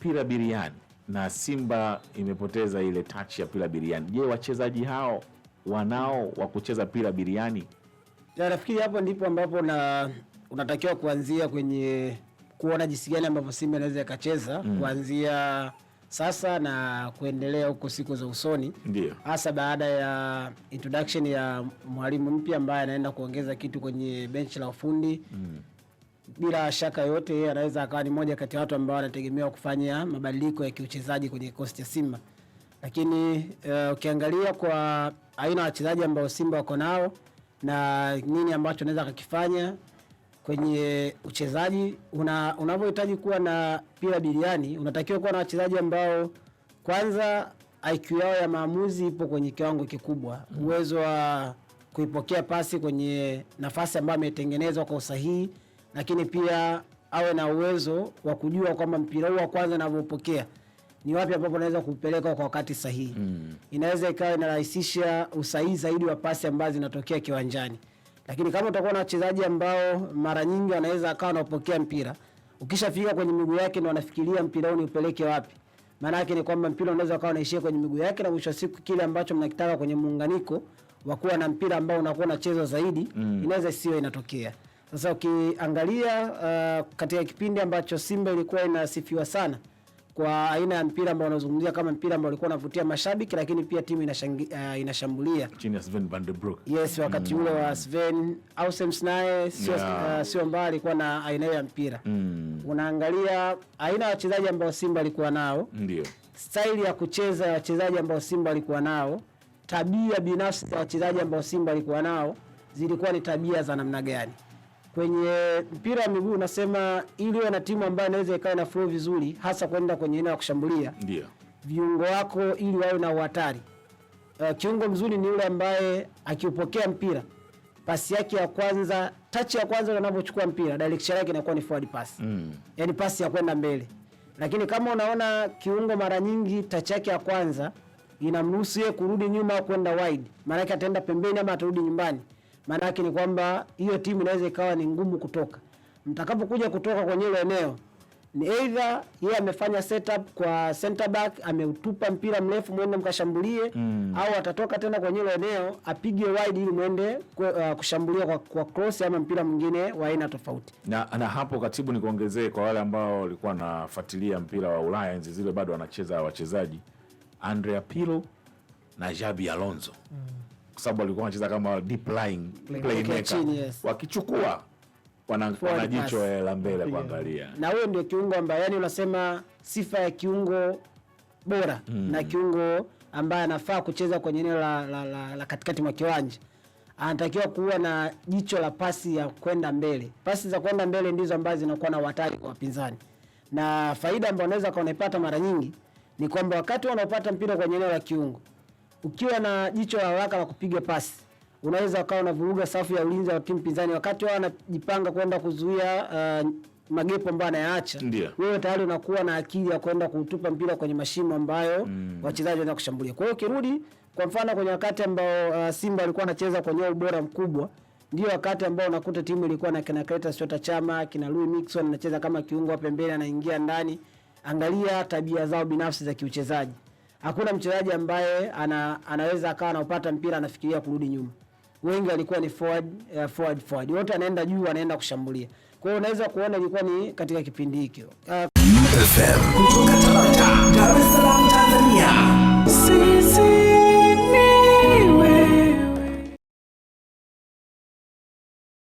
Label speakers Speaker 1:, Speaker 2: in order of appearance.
Speaker 1: pira biriani na Simba imepoteza ile tachi ya pira biriani. Je, wachezaji hao wanao wa kucheza pira biriani?
Speaker 2: Nafikiri hapo ndipo ambapo na unatakiwa kuanzia kwenye kuona jinsi gani ambavyo Simba inaweza ikacheza mm. kuanzia sasa na kuendelea huko siku za usoni, ndio hasa baada ya introduction ya mwalimu mpya ambaye anaenda kuongeza kitu kwenye benchi la ufundi mm bila shaka yote yeye anaweza akawa ni moja kati ya watu ambao wanategemewa kufanya mabadiliko ya kiuchezaji kwenye kikosi cha Simba, lakini uh, ukiangalia kwa aina ya wachezaji ambao Simba wako nao na nini ambacho anaweza akakifanya kwenye uchezaji, unavyohitaji una kuwa na pila biliani, unatakiwa kuwa na wachezaji ambao kwanza IQ yao ya maamuzi ipo kwenye kiwango kikubwa, uwezo wa kuipokea pasi kwenye nafasi ambayo ametengenezwa kwa usahihi lakini pia awe na uwezo wa kujua kwamba mpira huu wa kwanza anavyopokea ni wapi ambapo anaweza kupeleka kwa wakati sahihi. Mm. Inaweza ikawa inarahisisha usahihi zaidi wa pasi ambazo zinatokea kiwanjani, lakini kama utakuwa na wachezaji ambao mara nyingi wanaweza akawa wanaopokea mpira, ukishafika kwenye miguu yake ndo wanafikiria mpira huu ni upeleke wapi. Maana yake ni kwamba mpira unaweza ukawa unaishia kwenye miguu yake, na mwisho wa siku kile ambacho mnakitaka kwenye muunganiko wa kuwa na mpira ambao unakuwa unachezwa zaidi, mm. inaweza isiwe inatokea. Sasa ukiangalia uh, katika kipindi ambacho Simba ilikuwa inasifiwa sana kwa aina ya mpira ambao unazungumzia kama mpira ambao ulikuwa unavutia mashabiki, lakini pia timu inashangi, uh, inashambulia
Speaker 1: chini ya Sven van der Broek.
Speaker 2: Yes, wakati mm. ule wa mm. Sven Aussems naye sio yeah. uh, sio mbali, kwa na aina ya mpira mm. unaangalia aina ya wachezaji ambao Simba alikuwa nao, ndio staili ya kucheza ya wachezaji ambao Simba alikuwa nao, tabia binafsi ya wachezaji ambao Simba alikuwa nao, zilikuwa ni tabia za namna gani? kwenye mpira wa miguu unasema ili uwe na timu ambayo inaweza ikawa na flow vizuri, hasa kwenda kwenye eneo la kushambulia, ndio viungo wako ili wawe na uhatari. Uh, kiungo mzuri ni yule ambaye akiupokea mpira pasi yake ya kwanza, touch ya kwanza anapochukua mpira, direction yake inakuwa ni forward pass mm. Yani pasi ya kwenda mbele, lakini kama unaona kiungo mara nyingi touch yake ya kwanza inamruhusu yeye kurudi nyuma au kwenda wide, maana yake ataenda pembeni ama atarudi nyumbani maana yake ni kwamba hiyo timu inaweza ikawa ni ngumu kutoka. Mtakapokuja kutoka kwenye hilo eneo ni either yeye amefanya setup kwa center back, ameutupa mpira mrefu mwende mkashambulie, mm. au atatoka tena kwenye hilo eneo apige wide ili mwende uh, kushambulia kwa, kwa cross ama mpira mwingine wa aina tofauti.
Speaker 1: Na, na hapo katibu, nikuongezee kwa wale ambao walikuwa wanafuatilia mpira wa Ulaya enzi zile bado wanacheza wachezaji Andrea Pirlo na Xabi Alonso mm kwa sababu walikuwa wanacheza kama deep lying playmaker, wakichukua wanajicho la mbele kuangalia,
Speaker 2: na huyo ndio kiungo ambaye yani unasema sifa ya kiungo bora mm. na kiungo ambaye anafaa kucheza kwenye eneo la, la, la, la katikati mwa kiwanja anatakiwa kuwa na jicho la pasi ya kwenda mbele. Pasi za kwenda mbele ndizo ambazo zinakuwa na hatari kwa wapinzani, na faida ambayo anaweza kaonaipata mara nyingi ni kwamba wakati wanaopata mpira kwenye eneo la kiungo ukiwa na jicho la haraka la kupiga pasi unaweza ukawa unavuruga safu ya ulinzi wa timu pinzani wakati wao wanajipanga kwenda kuzuia uh, magepo ambayo anayaacha, wewe tayari unakuwa na akili ya kwenda kutupa mpira kwenye mashimo ambayo mm. wachezaji wanaenda kushambulia. Kwa hiyo ukirudi kwa mfano kwenye wakati ambao uh, Simba alikuwa anacheza kwenye ubora mkubwa, ndio wakati ambao unakuta timu ilikuwa na kina Kreta Chota Chama, kina Louis Mixon anacheza kama kiungo pembeni, anaingia ndani. Angalia tabia zao binafsi za kiuchezaji hakuna mchezaji ambaye ana, anaweza akawa anaupata mpira anafikiria kurudi nyuma. Wengi walikuwa ni forward, uh, forward, forward. Wote anaenda juu anaenda kushambulia. Kwa hiyo unaweza kuona ilikuwa ni katika kipindi hicho. Uh,